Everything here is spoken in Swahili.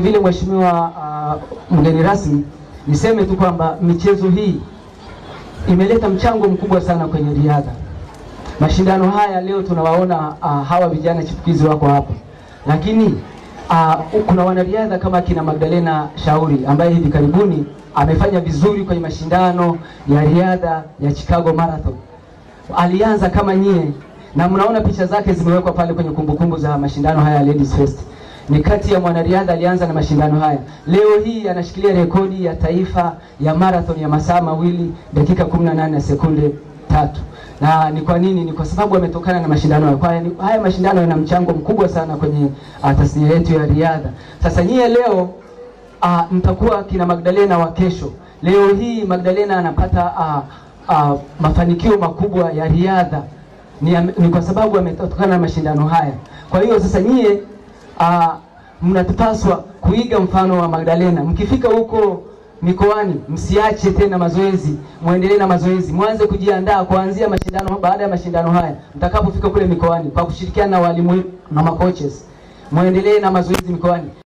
vile mheshimiwa uh, mgeni rasmi, niseme tu kwamba michezo hii imeleta mchango mkubwa sana kwenye riadha. Mashindano haya leo tunawaona uh, hawa vijana chipukizi wako hapa, lakini uh, kuna wanariadha kama kina Magdalena Shauri ambaye hivi karibuni amefanya vizuri kwenye mashindano ya riadha ya Chicago Marathon. Alianza kama nyie na mnaona picha zake zimewekwa pale kwenye kumbukumbu za mashindano haya Ladies First ni kati ya mwanariadha alianza na mashindano haya. Leo hii anashikilia rekodi ya taifa ya marathon ya masaa mawili dakika 18 na sekunde tatu. Na ni kwa nini? Ni kwa sababu ametokana na mashindano haya. Kwa haya mashindano yana mchango mkubwa sana kwenye ah, tasnia yetu ya riadha. Sasa nyie leo a, ah, mtakuwa kina Magdalena wa kesho. Leo hii Magdalena anapata a, ah, a, mafanikio makubwa ya riadha ni, ni kwa sababu ametokana na mashindano haya. Kwa hiyo sasa nyie uh, mnatupaswa kuiga mfano wa Magdalena. Mkifika huko mikoani, msiache tena mazoezi, muendelee na mazoezi, mwanze kujiandaa kuanzia mashindano. Baada ya mashindano haya, mtakapofika kule mikoani, kwa kushirikiana na walimu na makoches, muendelee na mazoezi mikoani.